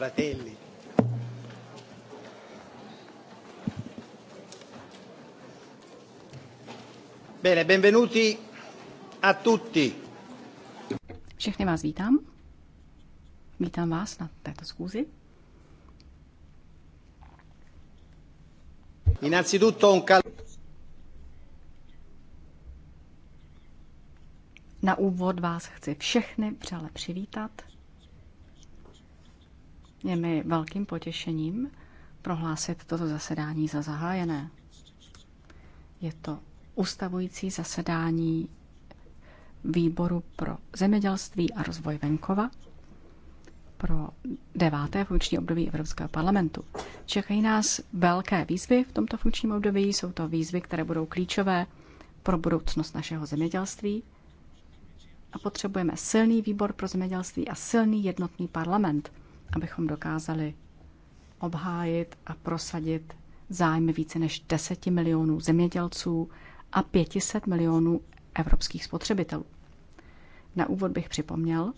fratelli. Bene, benvenuti a tutti. Všechny vás vítám. Vítám vás na této schůzi. Innanzitutto un cal- Na úvod vás chci všechny přále přivítat je mi velkým potěšením prohlásit toto zasedání za zahájené. Je to ustavující zasedání výboru pro zemědělství a rozvoj venkova pro deváté funkční období Evropského parlamentu. Čekají nás velké výzvy v tomto funkčním období. Jsou to výzvy, které budou klíčové pro budoucnost našeho zemědělství. A potřebujeme silný výbor pro zemědělství a silný jednotný parlament, abychom dokázali obhájit a prosadit zájmy více než 10 milionů zemědělců a 500 milionů evropských spotřebitelů. Na úvod bych připomněl,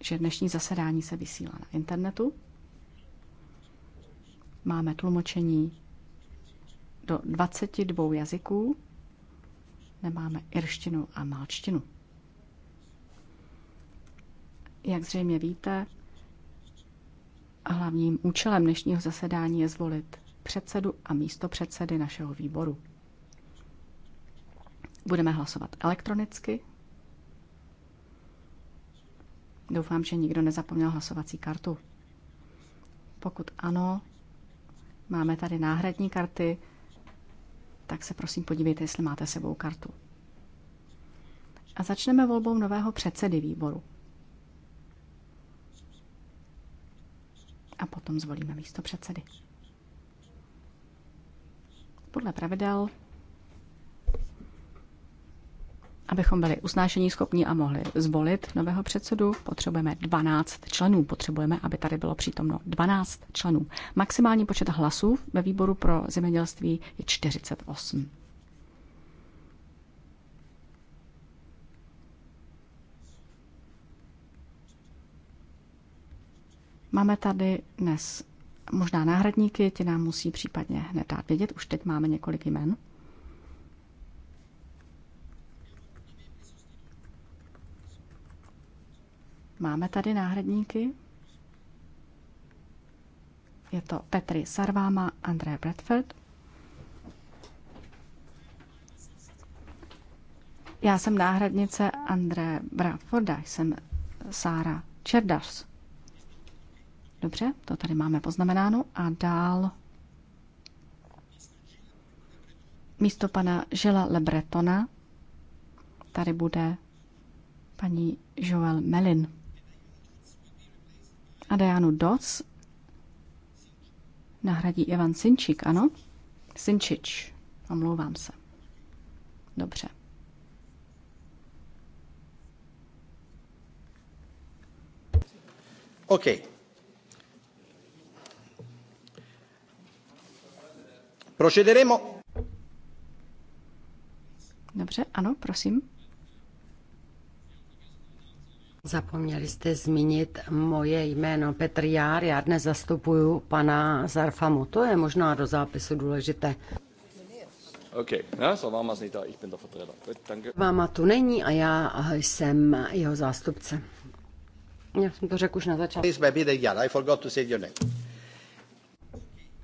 že dnešní zasedání se vysílá na internetu. Máme tlumočení do 22 jazyků, nemáme irštinu a malčtinu. Jak zřejmě víte, a hlavním účelem dnešního zasedání je zvolit předsedu a místo předsedy našeho výboru. Budeme hlasovat elektronicky. Doufám, že nikdo nezapomněl hlasovací kartu. Pokud ano, máme tady náhradní karty, tak se prosím podívejte, jestli máte sebou kartu. A začneme volbou nového předsedy výboru. a potom zvolíme místo předsedy. Podle pravidel, abychom byli usnášení schopní a mohli zvolit nového předsedu, potřebujeme 12 členů. Potřebujeme, aby tady bylo přítomno 12 členů. Maximální počet hlasů ve výboru pro zemědělství je 48. Máme tady dnes možná náhradníky, ti nám musí případně hned dát vědět. Už teď máme několik jmen. Máme tady náhradníky. Je to Petri Sarváma, André Bradford. Já jsem náhradnice André Bradforda, jsem Sára Čerdařs. Dobře, to tady máme poznamenáno. A dál místo pana Žela Lebretona tady bude paní Joel Melin. A Dianu Doc nahradí Ivan Sinčík, ano? Sinčič, omlouvám se. Dobře. Okay. Procederemo. Dobře, ano, prosím. Zapomněli jste zmínit moje jméno Petr Jár, já dnes zastupuju pana Zarfamu. To je možná do zápisu důležité. Okay. Váma tu není a já jsem jeho zástupce. Já jsem to řekl už na začátku.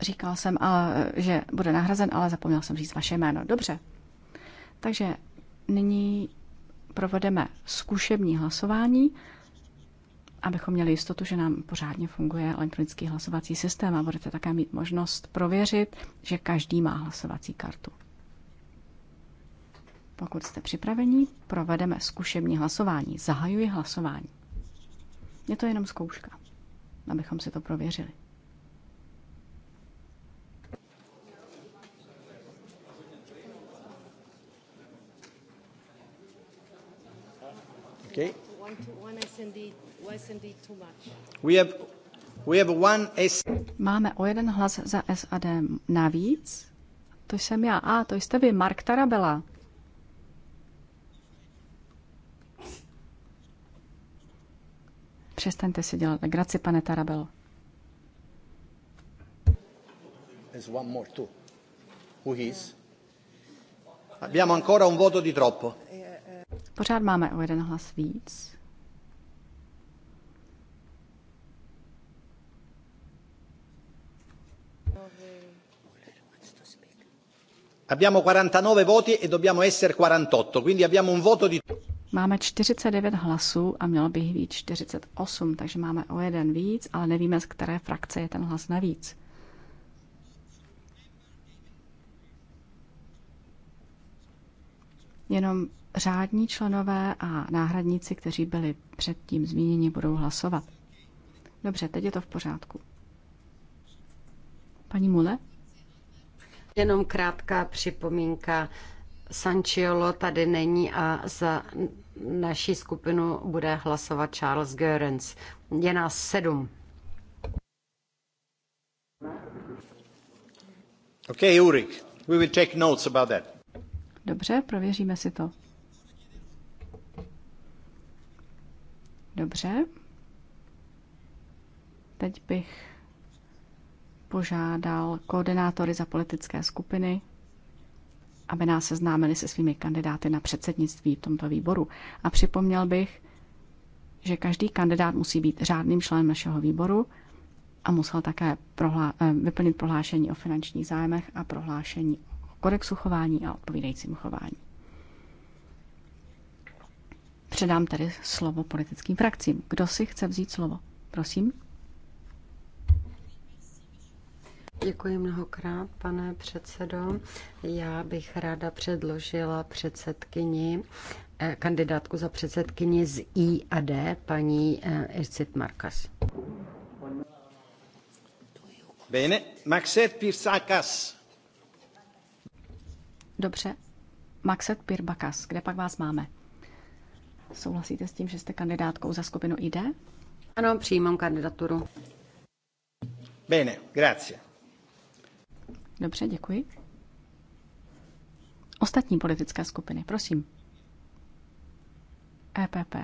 Říkal jsem, a, že bude nahrazen, ale zapomněl jsem říct vaše jméno. Dobře. Takže nyní provedeme zkušební hlasování, abychom měli jistotu, že nám pořádně funguje elektronický hlasovací systém a budete také mít možnost prověřit, že každý má hlasovací kartu. Pokud jste připraveni, provedeme zkušební hlasování. Zahajuji hlasování. Je to jenom zkouška, abychom si to prověřili. Okay. We have, we have one S... Máme o jeden hlas za SAD navíc. To jsem já. A, to jste vy, Mark Tarabela. Přestaňte si dělat graci, pane Tarabelo. Máme ještě jeden hlas. Who is? Abbiamo ancora un voto di troppo. Pořád máme o jeden hlas víc. Abbiamo 49 voti e dobbiamo essere 48, quindi abbiamo un voto di... Máme 49 hlasů a mělo by jich být 48, takže máme o jeden víc, ale nevíme, z které frakce je ten hlas navíc. Jenom řádní členové a náhradníci, kteří byli předtím zmíněni, budou hlasovat. Dobře, teď je to v pořádku. Paní Mule? Jenom krátká připomínka. Sanciolo tady není a za naší skupinu bude hlasovat Charles Görens. Je nás sedm. Okay, Ulrich, we will take notes about that. Dobře, prověříme si to. Dobře. Teď bych požádal koordinátory za politické skupiny, aby nás seznámili se svými kandidáty na předsednictví v tomto výboru. A připomněl bych, že každý kandidát musí být řádným členem našeho výboru a musel také prohlá- eh, vyplnit prohlášení o finančních zájmech a prohlášení kodexu chování a odpovídajícím chování. Předám tedy slovo politickým frakcím. Kdo si chce vzít slovo? Prosím. Děkuji mnohokrát, pane předsedo. Já bych ráda předložila předsedkyni, eh, kandidátku za předsedkyni z IAD, paní eh, Ircit Markas. Bene, Maxet Pirsakas. Dobře. Maxet Pirbakas, kde pak vás máme? Souhlasíte s tím, že jste kandidátkou za skupinu ID? Ano, přijímám kandidaturu. Bene, grazie. Dobře, děkuji. Ostatní politické skupiny, prosím. EPP.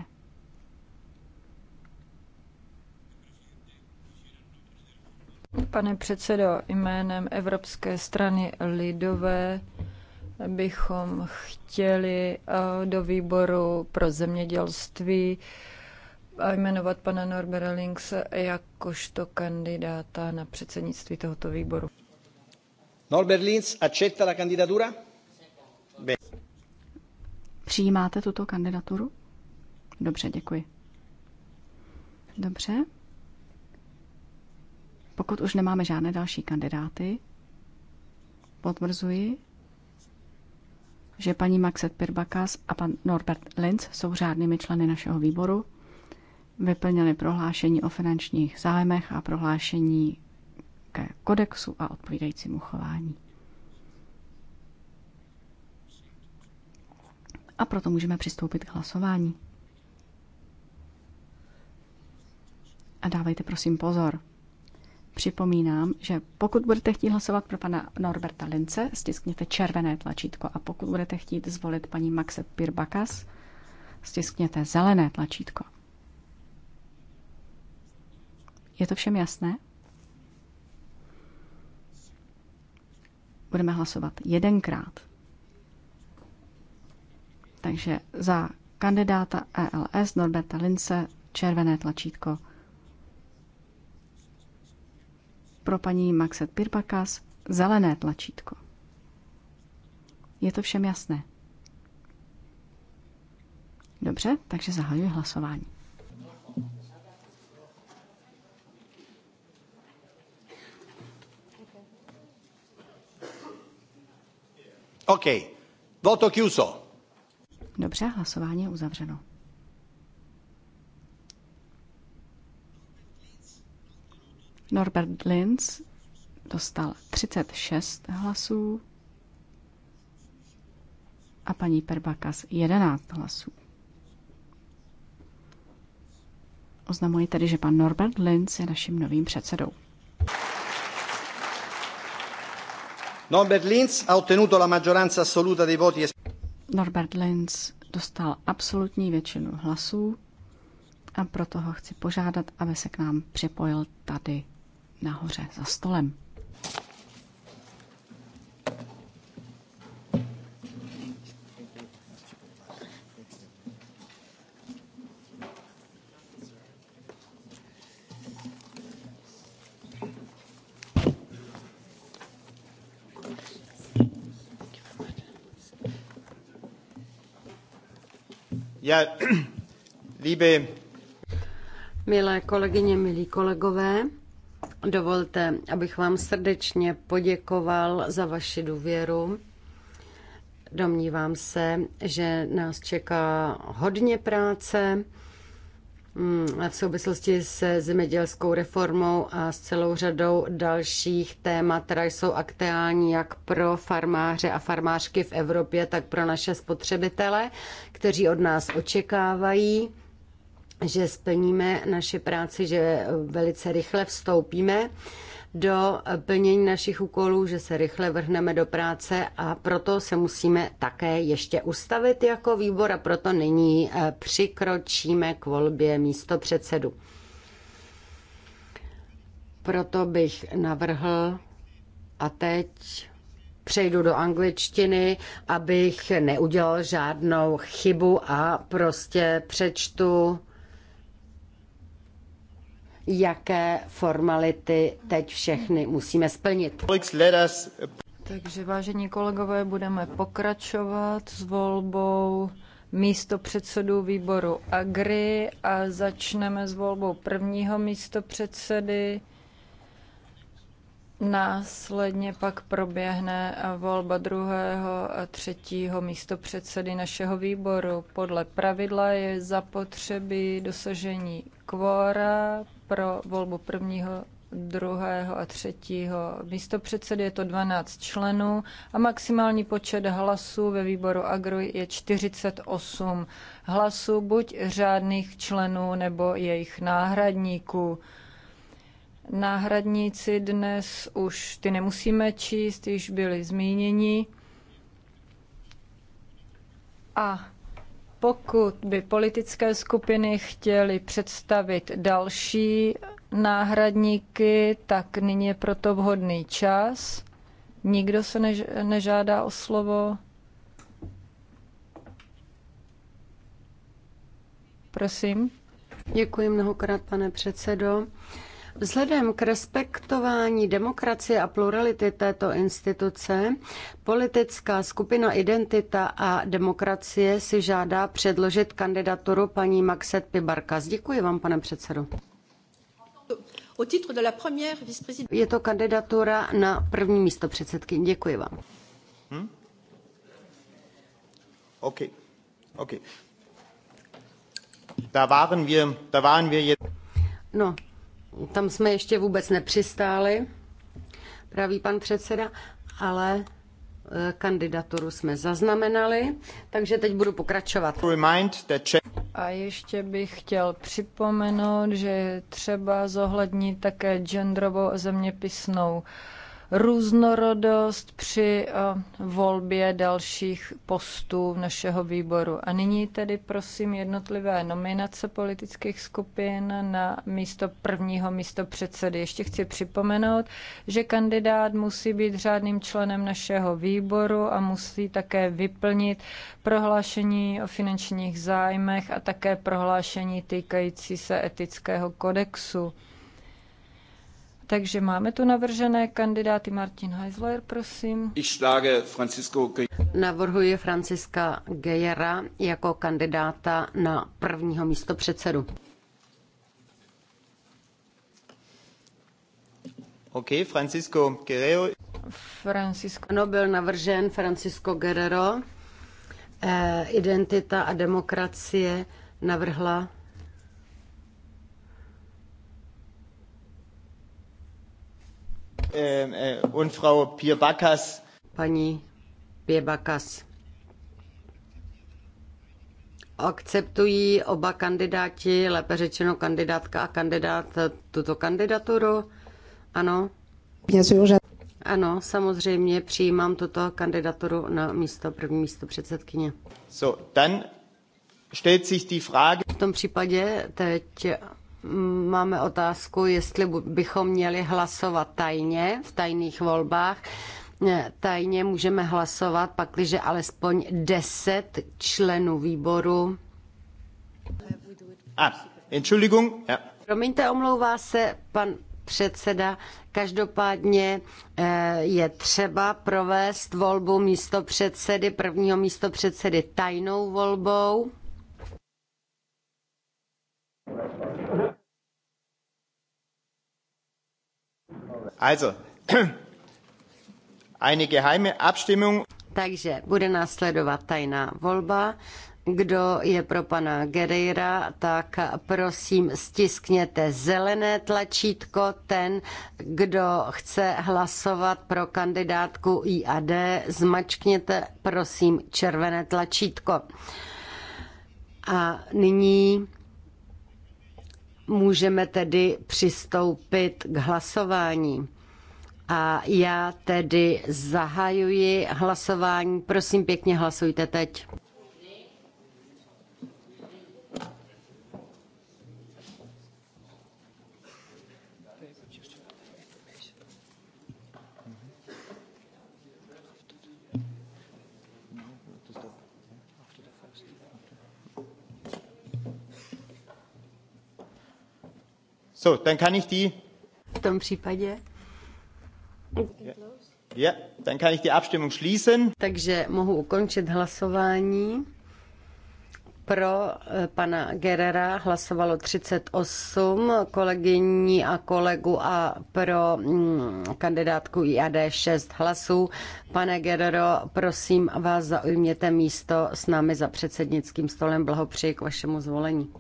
Pane předsedo, jménem Evropské strany lidové bychom chtěli eh, do výboru pro zemědělství eh, jmenovat pana Norbera Links jakožto kandidáta na předsednictví tohoto výboru. Norbert Links, accepta la candidatura? Přijímáte tuto kandidaturu? Dobře, děkuji. Dobře. Pokud už nemáme žádné další kandidáty, potvrzuji, že paní Maxet Pirbakas a pan Norbert Linz jsou řádnými členy našeho výboru, vyplnili prohlášení o finančních zájmech a prohlášení ke kodexu a odpovídajícímu chování. A proto můžeme přistoupit k hlasování. A dávejte prosím pozor. Připomínám, že pokud budete chtít hlasovat pro pana Norberta Lince, stiskněte červené tlačítko a pokud budete chtít zvolit paní Maxe Pirbakas, stiskněte zelené tlačítko. Je to všem jasné? Budeme hlasovat jedenkrát. Takže za kandidáta ELS Norberta Lince červené tlačítko pro paní Maxet Pirpakas zelené tlačítko. Je to všem jasné? Dobře, takže zahajuji hlasování. OK. Voto chiuso. Dobře, hlasování je uzavřeno. Norbert Linz dostal 36 hlasů a paní Perbakas 11 hlasů. Oznamuji tedy, že pan Norbert Linz je naším novým předsedou. Norbert Linz ha ottenuto la maggioranza assoluta dei voti. Norbert Linz dostal absolutní většinu hlasů a proto ho chci požádat, aby se k nám připojil tady nahoře za stolem. Já, líbím. Milé kolegyně, milí kolegové, Dovolte, abych vám srdečně poděkoval za vaši důvěru. Domnívám se, že nás čeká hodně práce mm, v souvislosti se zemědělskou reformou a s celou řadou dalších témat, které jsou aktuální jak pro farmáře a farmářky v Evropě, tak pro naše spotřebitele, kteří od nás očekávají že splníme naše práci, že velice rychle vstoupíme do plnění našich úkolů, že se rychle vrhneme do práce a proto se musíme také ještě ustavit jako výbor a proto nyní eh, přikročíme k volbě místo předsedu. Proto bych navrhl a teď přejdu do angličtiny, abych neudělal žádnou chybu a prostě přečtu jaké formality teď všechny musíme splnit. Takže vážení kolegové, budeme pokračovat s volbou místo předsedů výboru Agri a začneme s volbou prvního místo předsedy. Následně pak proběhne volba druhého a třetího místo předsedy našeho výboru. Podle pravidla je zapotřebí dosažení kvóra pro volbu prvního, druhého a třetího místopředsedy. Je to 12 členů a maximální počet hlasů ve výboru Agro je 48 hlasů, buď řádných členů nebo jejich náhradníků. Náhradníci dnes už ty nemusíme číst, již byli zmíněni. A pokud by politické skupiny chtěly představit další náhradníky, tak nyní je proto vhodný čas. Nikdo se než, nežádá o slovo. Prosím. Děkuji mnohokrát, pane předsedo. Vzhledem k respektování demokracie a plurality této instituce, politická skupina Identita a demokracie si žádá předložit kandidaturu paní Maxet Pibarkas. Děkuji vám, pane předsedo. Je to kandidatura na první místo předsedky. Děkuji vám. Hmm? OK. OK. Da waren wir, da waren wir jetzt... No, tam jsme ještě vůbec nepřistáli, pravý pan předseda, ale e, kandidaturu jsme zaznamenali, takže teď budu pokračovat. A ještě bych chtěl připomenout, že třeba zohlednit také genderovou zeměpisnou uh, různorodost při eh, volbě dalších postů našeho výboru. A nyní tedy prosím jednotlivé nominace politických skupin na místo prvního místo předsedy. Ještě chci připomenout, že kandidát musí být řádným členem našeho výboru a musí také vyplnit prohlášení o finančních zájmech a také prohlášení týkající se etického kodexu. Takže máme tu navržené kandidáty. Martin Heisler, prosím. Navrhuje Franciska Gejera jako kandidáta na prvního místo předsedu. OK, Francisco Guerrero. Francisco. Ano, byl navržen Francisco Guerrero. Eh, identita a demokracie navrhla Eh, eh, und Frau Paní Pierbakas. Akceptují oba kandidáti, lépe řečeno kandidátka a kandidát, eh, tuto kandidaturu? Ano? Ano, samozřejmě přijímám tuto kandidaturu na místo první místo předsedkyně. So, dann stellt sich die Frage... V tom případě teď máme otázku, jestli bychom měli hlasovat tajně v tajných volbách. Tajně můžeme hlasovat, pakliže alespoň 10 členů výboru. A, Entschuldigung. Ja. Promiňte, omlouvá se pan předseda. Každopádně eh, je třeba provést volbu místo předsedy, prvního místo předsedy tajnou volbou. Also, eine geheime Abstimmung. Takže bude následovat tajná volba. Kdo je pro pana Gereira, tak prosím stiskněte zelené tlačítko. Ten, kdo chce hlasovat pro kandidátku IAD, zmačkněte prosím červené tlačítko. A nyní Můžeme tedy přistoupit k hlasování. A já tedy zahajuji hlasování. Prosím pěkně, hlasujte teď. So, dann kann ich die... V tom případě... Yeah, dann kann ich die Abstimmung schließen. Takže mohu ukončit hlasování. Pro eh, pana Gerera hlasovalo 38 kolegyní a kolegu a pro mm, kandidátku IAD 6 hlasů. Pane Gerero, prosím vás, zaujměte místo s námi za předsednickým stolem. Blahopřeji k vašemu zvolení.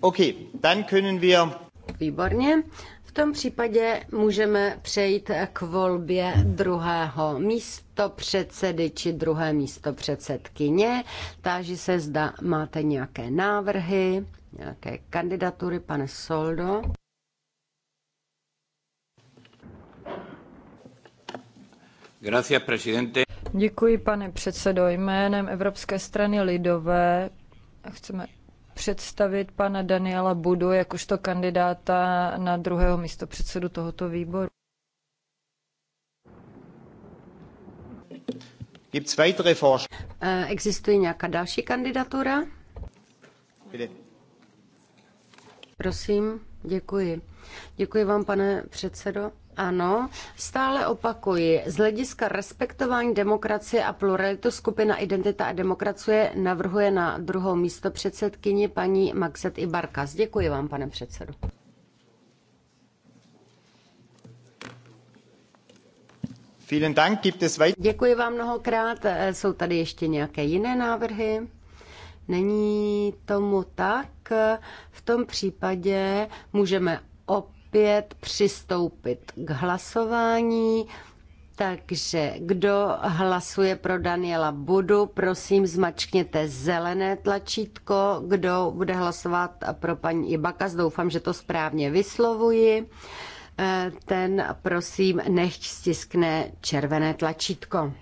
OK, dann können wir... Výborně. V tom případě můžeme přejít k volbě druhého místo předsedy či druhé místo předsedkyně. Táži se, zda máte nějaké návrhy, nějaké kandidatury, pane Soldo. Gracias, presidente. Děkuji, pane předsedo. Jménem Evropské strany lidové chceme představit pana Daniela Budu jakožto kandidáta na druhého místo předsedu tohoto výboru. Eh, existuje nějaká další kandidatura? Prosím, děkuji. Děkuji vám, pane předsedo. Ano, stále opakuji, z hlediska respektování demokracie a pluralitu skupina Identita a demokracie navrhuje na druhou místo předsedkyni paní Maxet Ibarkas. Děkuji vám, pane předsedu. Děkuji vám mnohokrát. Eh, jsou tady ještě nějaké jiné návrhy? Není tomu tak. V tom případě můžeme opět opět přistoupit k hlasování. Takže kdo hlasuje pro Daniela Budu, prosím zmačkněte zelené tlačítko. Kdo bude hlasovat pro paní Ibakas, doufám, že to správně vyslovuji, eh, ten prosím nechť stiskne červené tlačítko.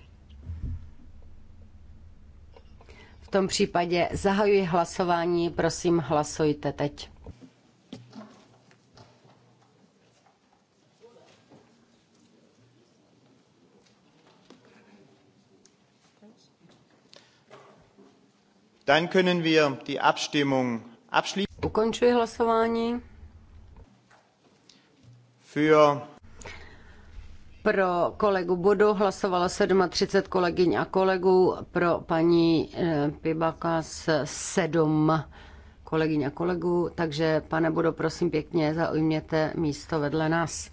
V tom případě zahajuji hlasování, prosím hlasujte teď. Dann können wir die Abstimmung abschließen. Ukončuji hlasování. Für pro kolegu Bodu hlasovalo 37 kolegyň a kolegů, pro paní eh, s 7 kolegyň a kolegů, takže pane Bodo, prosím pěkně, zaujměte místo vedle nás.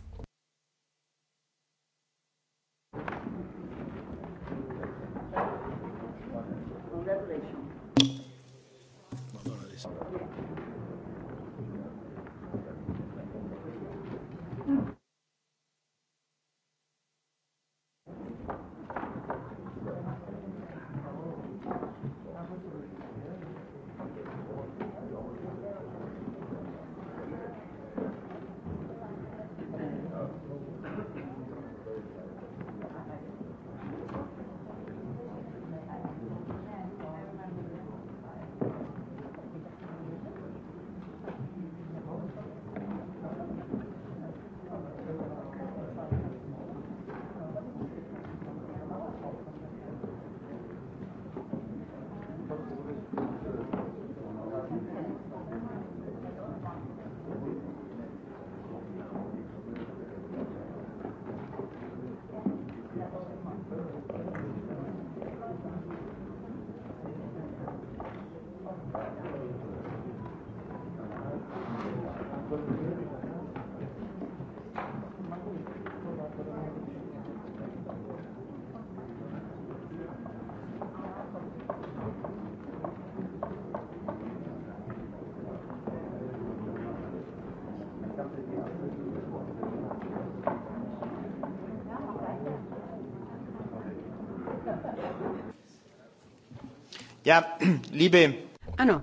Ano,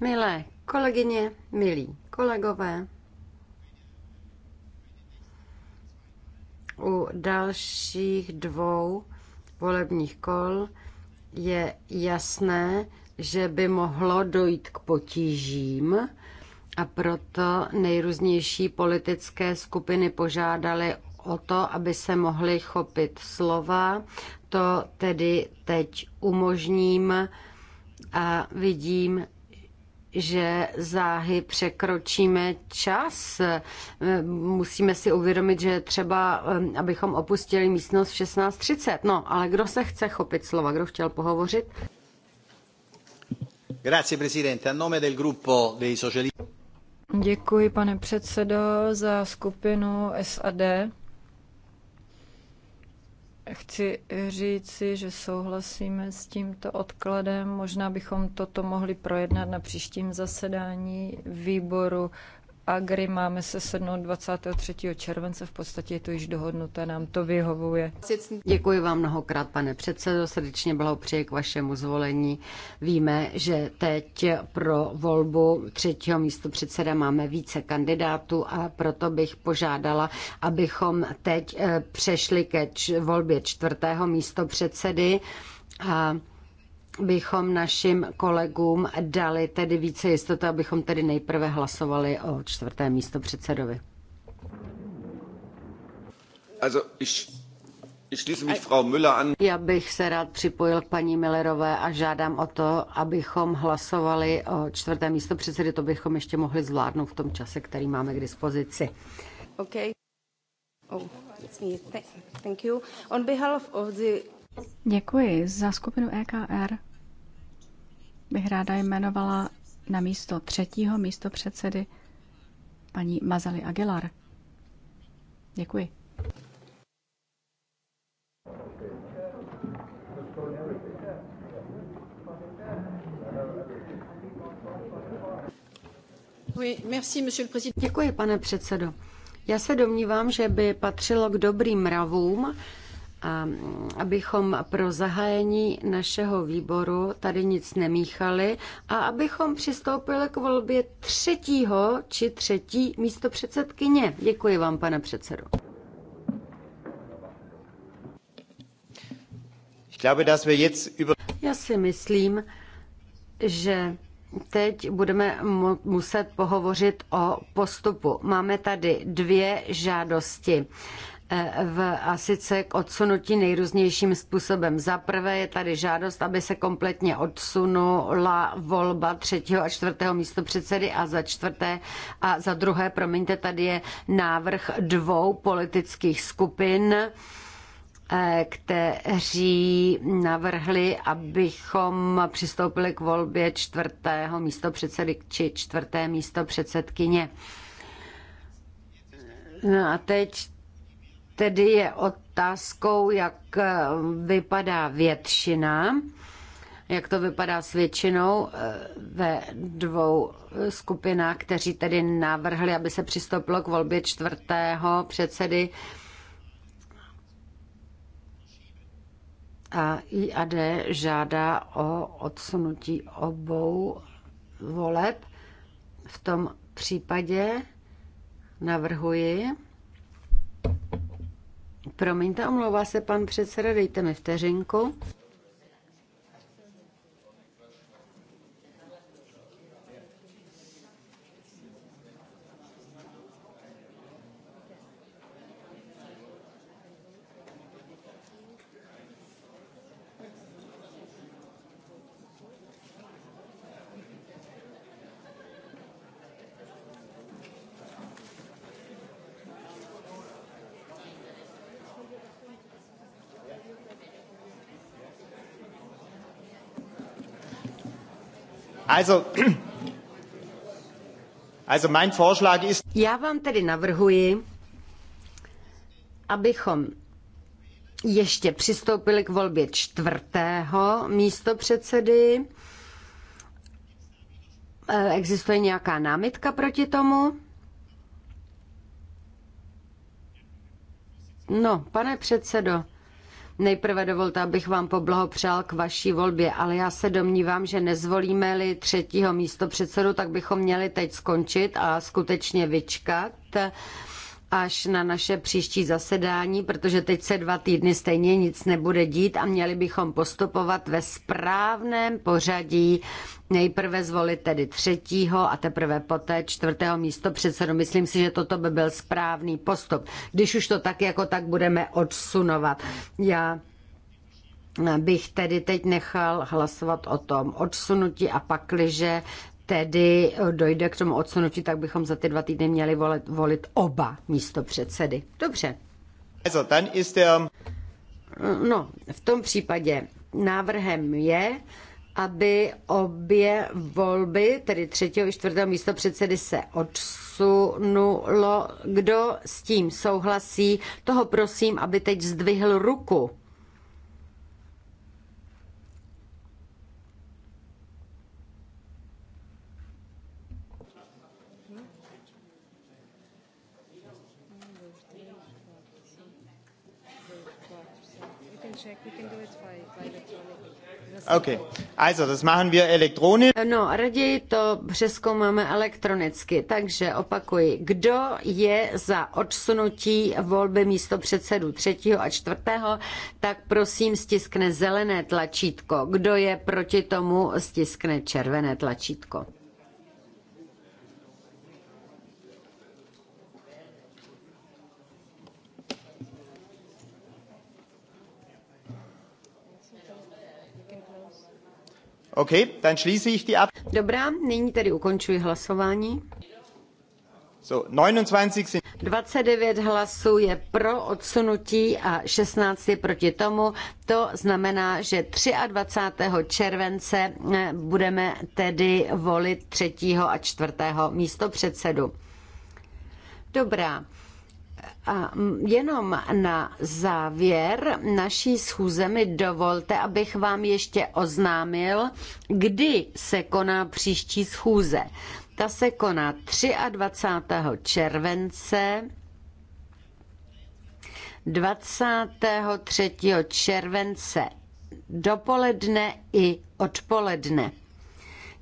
milé kolegyně, milí kolegové, u dalších dvou volebních kol je jasné, že by mohlo dojít k potížím a proto nejrůznější politické skupiny požádaly o to, aby se mohli chopit slova. To tedy teď umožním a vidím, že záhy překročíme čas. Musíme si uvědomit, že třeba, abychom opustili místnost v 16.30. No, ale kdo se chce chopit slova? Kdo chtěl pohovořit? Grazie, presidente. A nome del gruppo dei socialisti. Děkuji, pane předsedo, za skupinu SAD. Chci říci, že souhlasíme s tímto odkladem. Možná bychom toto mohli projednat na příštím zasedání výboru a kdy máme se sednout 23. července, v podstatě je to již dohodnuté, nám to vyhovuje. Děkuji vám mnohokrát, pane předsedo, srdečně přeji k vašemu zvolení. Víme, že teď pro volbu třetího místo předseda máme více kandidátů a proto bych požádala, abychom teď eh, přešli ke volbě čtvrtého místo předsedy. A bychom našim kolegům dali tedy více jistoty, abychom tedy nejprve hlasovali o čtvrté místo předsedovi. Also ich, Já bych se rád připojil k paní Millerové a žádám o to, abychom hlasovali o čtvrté místo předsedy, to bychom ještě mohli zvládnout v tom čase, který máme k dispozici. Okay. Oh, it's me. Thank you. On behalf of the Děkuji. Za skupinu EKR bych ráda jmenovala na místo třetího místo předsedy paní Mazali Aguilar. Děkuji. Děkuji, pane předsedo. Já se domnívám, že by patřilo k dobrým mravům, a mm, abychom pro zahájení našeho výboru tady nic nemíchali a abychom přistoupili k volbě třetího či třetí místo předsedkyně. Děkuji vám, pane předsedo. Já si myslím, že Teď budeme muset pohovořit o postupu. Máme tady dvě žádosti. Eh, v, a sice k odsunutí nejrůznějším způsobem. Za prvé je tady žádost, aby se kompletně odsunula volba třetího a čtvrtého místo předsedy a za čtvrté a za druhé, promiňte, tady je návrh dvou politických skupin, eh, kteří navrhli, abychom přistoupili k volbě čtvrtého místo předsedy či čtvrté místo předsedkyně. No a teď tedy je otázkou, jak eh, vypadá většina, jak to vypadá s většinou eh, ve dvou skupinách, kteří tedy navrhli, aby se přistoupilo k volbě čtvrtého předsedy a IAD žádá o odsunutí obou voleb. V tom případě navrhuji, Promiňte, omlouvá se pan předseda, dejte mi vteřinku. Já vám tedy navrhuji, abychom ještě přistoupili k volbě čtvrtého místo předsedy. E, existuje nějaká námitka proti tomu? No, pane předsedo, Nejprve dovolte, abych vám poblahopřál k vaší volbě, ale já se domnívám, že nezvolíme-li třetího místo předsedu, tak bychom měli teď skončit a skutečně vyčkat až na naše příští zasedání, protože teď se dva týdny stejně nic nebude dít a měli bychom postupovat ve správném pořadí. Nejprve zvolit tedy třetího a teprve poté čtvrtého místo předsedu. Myslím si, že toto by byl správný postup, když už to tak jako tak budeme odsunovat. Já bych tedy teď nechal hlasovat o tom odsunutí a pakliže tedy eh, dojde k tomu odsunutí, tak bychom za ty dva týdny měli volit, volit oba místo předsedy. Dobře. Eh, no, v tom případě návrhem je, aby obě volby, tedy třetího i čtvrtého místo předsedy, se odsunulo. Kdo s tím souhlasí, toho prosím, aby teď zdvihl ruku. Okay. Also, das machen wir elektronisch. No, raději to přeskoumáme elektronicky. Takže opakuji, kdo je za odsunutí volby místo předsedu třetího a čtvrtého, tak prosím stiskne zelené tlačítko. Kdo je proti tomu, stiskne červené tlačítko. dann schließe ich die ab. Dobrá, nyní tedy ukončuji hlasování. So, 29, 29 hlasů je pro odsunutí a 16 je proti tomu. To znamená, že 23. července eh, budeme tedy volit třetího a čtvrtého místo předsedu. Dobrá. A jenom na závěr naší schůze mi dovolte, abych vám ještě oznámil, kdy se koná příští schůze. Ta se koná 23. července 23. července dopoledne i odpoledne.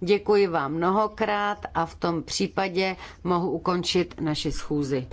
Děkuji vám mnohokrát a v tom případě mohu ukončit naši schůzi.